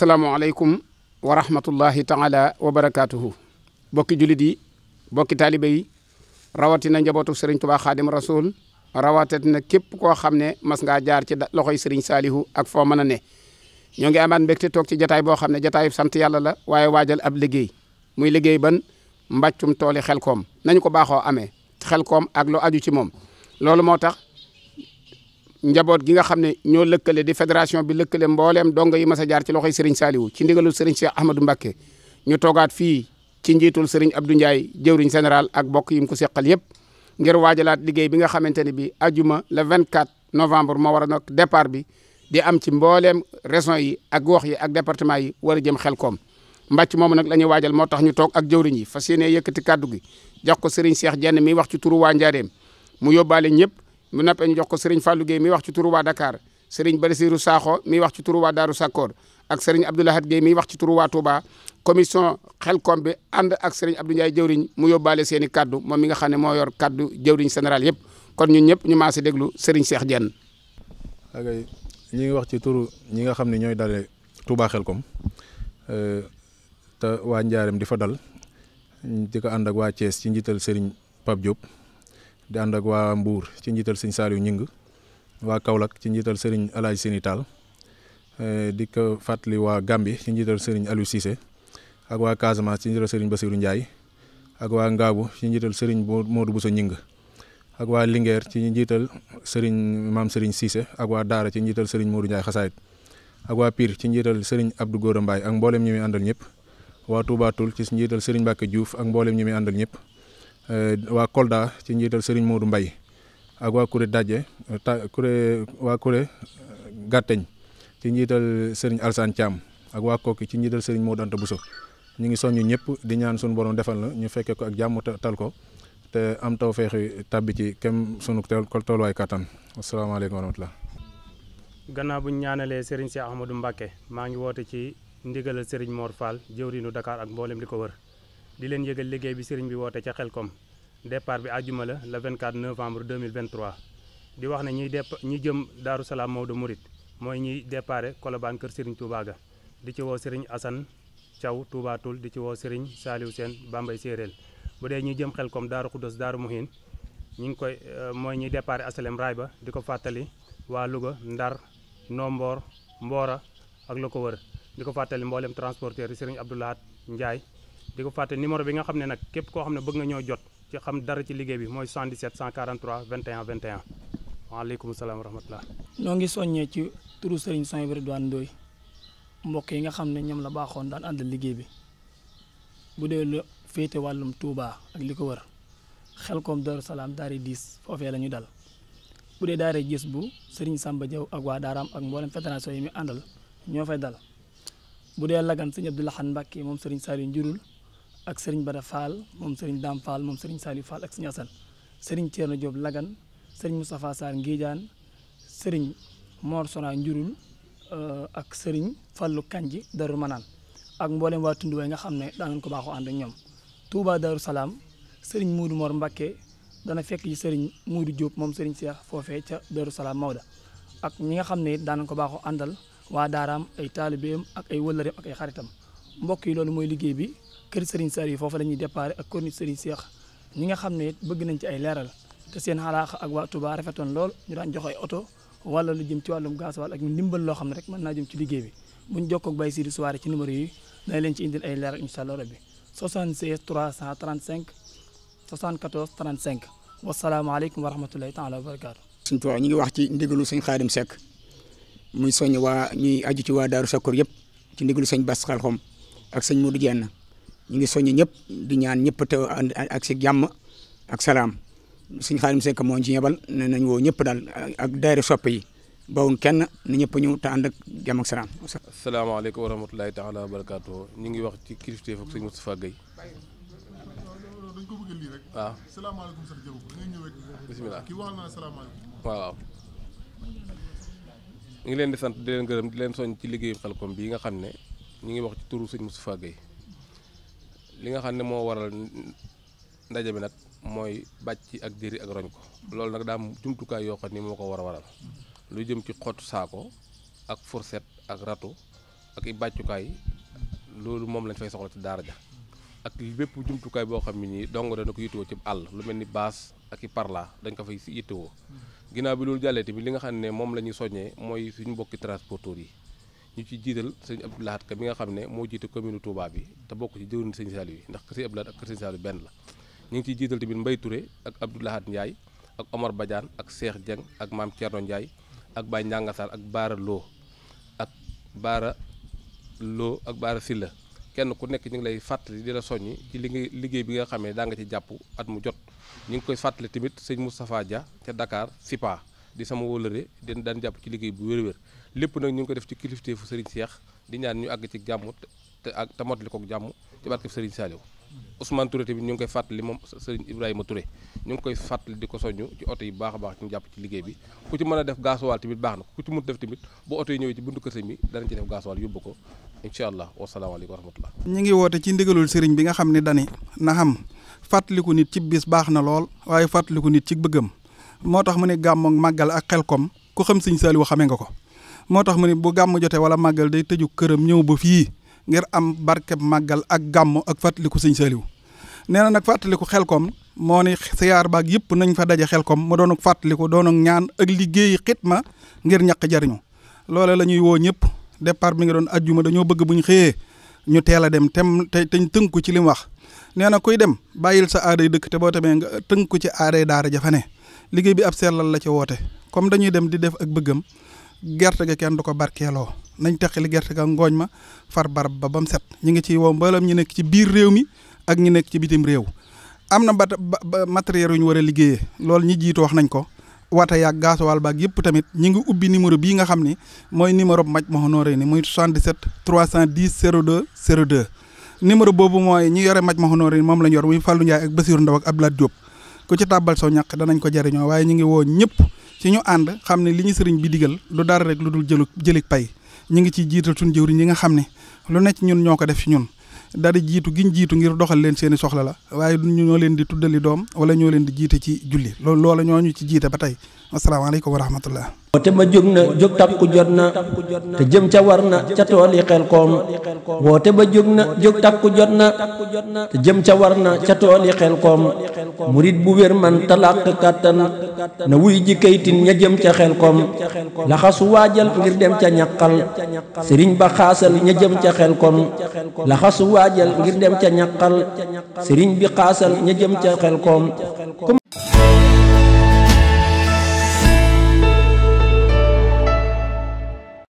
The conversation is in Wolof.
asalaamualeykum wa rahmatullahi taala wa barakaatuhu bokki jullit yi bokki taalibe yi rawatina njabootu sëriñ tubaa xaadim rasul rawatina képp koo xam ne mas ngaa jaar ci loxoy sëriñ saalihu ak foo mën a ne ñoo ngi amaat mbégte toog ci jataay boo xam ne jataayu sant yàlla la waaye waajal ab liggéey muy liggéey ban mbàccum tooli xel koom nañ ko baaxoo amee xel koom ak lu aju ci moom loolu moo tax njaboot gi nga xam ne ñoo lëkkale di fédération bi lëkkale mbooleem donga yi mas a jaar ci loxoy Serigne Saliou ci ndigalul Serigne Cheikh Ahmadou Mbacké ñu toogaat fii ci njiitul Serigne Abdou Ndiaye jëwriñ général ak bokk yi mu ko seqal yëpp ngir waajalaat liggéey bi nga xamante ne bi ajuma vingt 24 novembre moo war a nag départ bi di am ci mbooleem régions yi ak gox yi ak département yi war jëm xel koom mbàcc moomu nag la waajal moo tax ñu toog ak jëwriñ yi fas yéene yëkkati kàddu gi jox ko Serigne Cheikh Jenn mi wax ci turu waa mu yóbbaale ñëpp mu nappe ñu jox ko sëriñ Fallou Guèye mi wax ci turu waa Dakar sëriñ Balisiru Saaxo mi wax ci turu waa Daaru Sakkoor ak sëriñ Abdoulahat Guèye mi wax ci turu waa Touba commission xelkom bi ànd ak sëriñ Abdou Ndiaye jëwriñ mu yóbbaale seeni kaddu moom mi nga xam ne moo yor kaddu jëwriñ général yëpp kon ñu ñëpp ñu maase déglu sëriñ seex Diène. ak ngi wax ci turu ñi nga xam ne ñooy dale Touba xelkom euh, te waa Njaareem di fa dal di ko ànd ak waa Thiès njiital sëriñ Pape di ànd ak waa Mbour ci njiital sëñ Saliou Ñing waa Kaolack ci njiital sëriñ Alaaj Sini Tall eh, di ko fàttali waa gambi ci njiital sëriñ Aliou Cissé ak waa Casamance ci njiital sëriñ Bassirou Ndiaye ak waa Ngaabu ci njiital sëriñ Modou Bousso Ñing ak waa Linguère ci njiital sëriñ maam sëriñ Cissé ak waa Daara ci njiital sëriñ Modou Ndiaye Xasaayit ak waa Pire ci njiital sëriñ Abdou Gora Mbaye ak mboolem ñi muy àndal ñëpp waa Touba ci si njiital sëriñ Mbacke Diouf ak mboolem ñi muy àndal ñëpp Eh, waa Kolda ci njiital Serigne Modou mbay ak waa Kuré Daje ta Kuré waa Kuré eh, Gàtteñ ci njiital sëriñ Alsane Thiam ak waa Kokki ci njiital Serigne Modou Anta Bousso ñu ngi soññ ñëpp di ñaan suñu borom defal la ñu fekkee ko ak jàmm tal ko te am taw feexi tàbbi ci kem sunu tolluwaay kattan asalaamaaleykum wa rahmatulah. gannaaw bu ñu ñaanalee Serigne Cheikh Ahmadou Mbacké maa ngi woote ci ndigalal Serigne Mor Fall jëwriñu Dakar ak mboolem di ko wër. di leen yëgal liggéey bi sëriñ bi woote ca xel Xelkom départ bi àjjuma la le 24 novembre 2023 di wax ne ñiy dépp ñi jëm Daaru Salaam Maodo Mouride mooy ñiy déparé Colobane kër sëriñ Touba ga di ci woo sëriñ Assane caw Touba di ci woo sëriñ Saliou Sène Bambay Séeréel bu dee ñi jëm Xelkom Daaru Xuddos Daaru Muhin ñi ngi koy euh, mooy ñiy déparé Asalem raay ba di ko fàttali waa Louga Ndar Nomboor Mboora ak la ko wër di ko fàttali mboolem transporteur yi sëriñ Abdoulahat Ndiaye di ko fàtte numéro bi nga xam ne nag képp ko xam ne bëgg nga ñoo jot ci xam dara ci liggéey bi mooy 77 143 21 21 waaleykum salaam wa rahmatulah. noo ngi soññee ci turu Serigne Souhaïbou Ridwane Ndoye mbokk yi nga xam ne ñoom la baaxoon daan àndal liggéey bu dee lu wàllum Touba ak li ko wër Xelkom Darou Salaam daari diis foofee la ñu dal bu dee gis bu Serigne Samba Diaw ak waa Daaraam ak mboolem fédération yi muy àndal ñoo fay dal bu dee Lagane Serigne Abdou Lahad Mbacké moom Serigne saali Njurul ak sëriñ Bada Fall moom sëriñ Dame Fall moom sëriñ Saliou Fall ak sëriñ Assane sëriñ Thierno Diop Lagan sëriñ Moustapha Sarr Ngédiane sëriñ Mor Sona Njurul euh, ak sëriñ fallu Kanji Darou Manaan ak mboolem waa tund way nga xam ne daanañ ko baaxoo ànd ak ñoom. Touba Salaam sëriñ Moudou Mor Mbacké dana fekk ci sëriñ Moudou Diop moom sëriñ Cheikh foofee ca Darou Salaam Maoda ak ñi nga xam ne it daanañ ko baaxoo àndal waa daaraam ay taalibeem ak ay wëllëreem ak ay xaritam mbokk yi loolu mooy liggéey bi. kër Serigne Saliou foofu la ñuy départ ak kër Serigne Cheikh ñi nga xam ne bëgg nañ ci ay leeral te seen xalaax ak waa Touba rafetoon lool ñu daan jox ay oto wala lu jëm ci wàllum gasoil ak ndimbal loo xam ne rek mën naa jëm ci liggéey bi bu ñu jokkoo ak Baye Sidi ci numéro yi dana leen ci indil ay leeral incha allah rabbi 76 335 74 35 wasalaamaaleykum wa rahmatulahi taala wa barakaatu. suñ Touba ñu ngi wax ci ndigalu sëñ Xaadim Seck muy soññ waa ñuy aju ci waa Daaru yëpp ci ndigalu sëñ Bass Xalxom ak sëñ Modou Dieng ñu ngi soññ ñëpp di ñaan ñëpp te ak si jàmm ak salaam suñ xaalim sekk moo ci yebal ne nañ woo ñëpp daal ak daayira soppe yi bawun kenn na ñëpp ñëw te ànd ak jàmm ak salaam. asalaamaaleykum wa rahmatulahi taala wa ñu ngi wax ci kilifteef ak sëñ Moustapha Guèye waaw bisimilah leen di sant di leen gërëm di leen soñ ci liggéeyu Xelcom bii nga xam ne ñu ngi wax ci turu sëñ Moustapha Guèye li nga xam ne moo waral ndaje bi nag mooy bàcc ak diri ak roñ ko loolu nag daam jumtukaay yoo xam ni moo ko war a waral lu jëm ci xottu saako ak fourchette ak râteau ak i bàccukaay loolu moom lañu fay soxla ci daara ja ak li bépp jumtukaay boo xam ne nii dong dana ko yittewoo ci àll lu mel ni baas ak i parla dañ ko fay yittewoo mm. ginnaaw bi loolu jàllee tamit li nga xam ne moom la ñuy soññee mooy suñu mbokki transporteurs yi ñu ci jiital sëñ Abdou Lahad Ka nga xam ne moo jiite commune Touba bi te bokk ci jëwriñ sëñ Saliou yi ndax kër sëñ Abdou Lahad ak kër sëñ Saliou benn la ñu ngi ciy jiital tamit Mbaye Touré ak Abdou Lahad Ndiaye ak Omar Badiane ak Cheikh Dieng ak Mame Thierno Ndiaye ak Baye Ndiangasar ak Baara Lo ak Baara loo ak Baara Silla kenn ku nekk ñu ngi lay fàttali di la soññi ci li nga liggéey bi nga xam ne daa nga ci jàpp at mu jot ñu ngi koy fàttali tamit sëñ Moustapha Dia ca Dakar Sipa di sama wóolëre den daan jàpp ci liggéey bu wér-wér lépp nag ñu ngi ko def ci kilifteefu Serigne Cheikh di ñaan ñu àgg ci jàmm te ak te mottali kook jàmm ci ngi koy fàttali moom Serigne Ibrahima Touré ñu ngi koy fàttali di ko soññu ci baax a baax ñu ci liggéey bi ku ci a def gaasuwaal tamit na tamit oto yi ñëwee ci buntu kër sëñ bi danañ ci def wa rahmatullah ñu ngi woote ci ndigalul sëriñ bi nga na xam fàttaliku nit ci bis baax na lool waaye fàttaliku nit ci bëggam moo tax mu ne gàmm ak xel koom ku xam sëñ Saaliwu xamee nga ko moo tax mu ne bu gàmm jotee wala màggal day tëju këram ñëw ba fii ngir am barkeb màggal ak gàmm ak fàttaliku sëñ Saaliwu nee na nag xel koom moo ni siyaar baag yëpp nañ fa daje xel xelkom mu doon fàttaliku doon ak ñaan ak liggéeyi ma ngir ñàkk jariñu loole la ñuy woo ñëpp depart bi nga doon ajjuma dañoo bëgg bu ñu xëyee ñu teel a dem tem te teñ tënku ci li mu wax nee na kuy dem bàyyil sa aaday dëkk te boo tamee nga tënku ci aaday daara jafa ne liggéey bi ab lal la ci woote comme dañuy dem di def ak bëggam gerte ga kenn du ko barkeeloo nañ teqali gerte ga ngooñ ma far barab ba ba mu set ñu ngi ci wow mbalam ñu nekk ci biir réew mi ak ñu nekk ci bitim réew am na ba matériel yu ñu war a liggéeyee loolu ñi jiitu wax nañ ko wata yaag gaasuwaal baag yëpp tamit ñi ngi ubbi numéro bii nga xam ni mooy numéro maj ma honoré ni muy 77 310 02 02 numéro boobu mooy ñi yore maj ma honoré moom lañ yor muy Fallou Ndiaye ak Bassirou Ndaw ak Abdoulaye Diop ku ci tàbbal soo ñàq danañ ko jariñoo waaye ñu ngi woo ñëpp ci ñu ànd xam ne li ñu sëriñ bi digal du dara rek lu dul jëlu jëlik pay ñu ngi ciy jiital suñ jëwriñ yi nga xam ne lu nekk ñun ñoo ko def ci ñun daal di jiitu giñ jiitu ngir doxal leen seeni soxla la waaye du ñoo leen di tuddali doom wala ñoo leen di jiite ci julli loolu loola ñoo ñu ci jiite ba tey asalaamaaleykum wa rahmatullah woote ma jóg na jóg takku jot na te jëm ca war na ca tool yi xel koom woote na jóg jot na jëm ca war na ca tool yi xel koom murit bu wér man talaq kàttan na wuy ji kayitin ña jëm ca xel koom laxasu waajal ngir dem ca ñaqal sëriñ ba xaasal ña jëm ca xel koom laxasu waajal ngir dem ca ñaqal sëriñ bi xaasal ña jëm ca xel koom